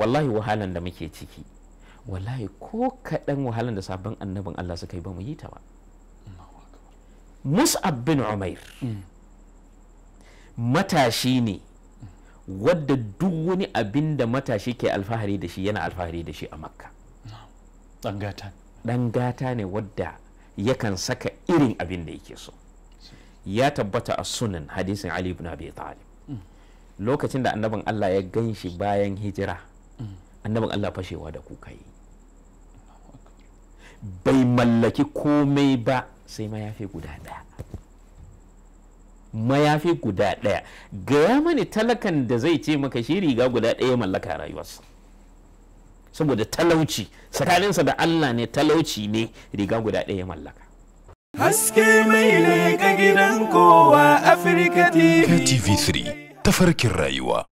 wallahi wahalan da muke ciki wallahi ko kaɗan wahalan da sabon annabin Allah suka yi ba mu yi ta ba mus'ab bin umair mm. matashi ne wadda duk wani abin da matashi ke alfahari da shi yana alfahari da shi a makka ɗan gata ne wadda yakan saka irin abin da yake so ya tabbata a sunan hadisin ali ibn abi talib mm. lokacin da annabin Allah ya gan shi bayan hijira annabin Allah fashewa da kuka yi bai mallaki komai ba sai mayafi guda ɗaya mayafi guda ɗaya gaya mani talakan da zai ce maka shi riga guda ɗaya mallaka rayuwarsa saboda talauci tsakaninsa da Allah ne talauci ne riga guda ɗaya mallaka haske mai ne gidan kowa afirka tv3 tafarkin rayuwa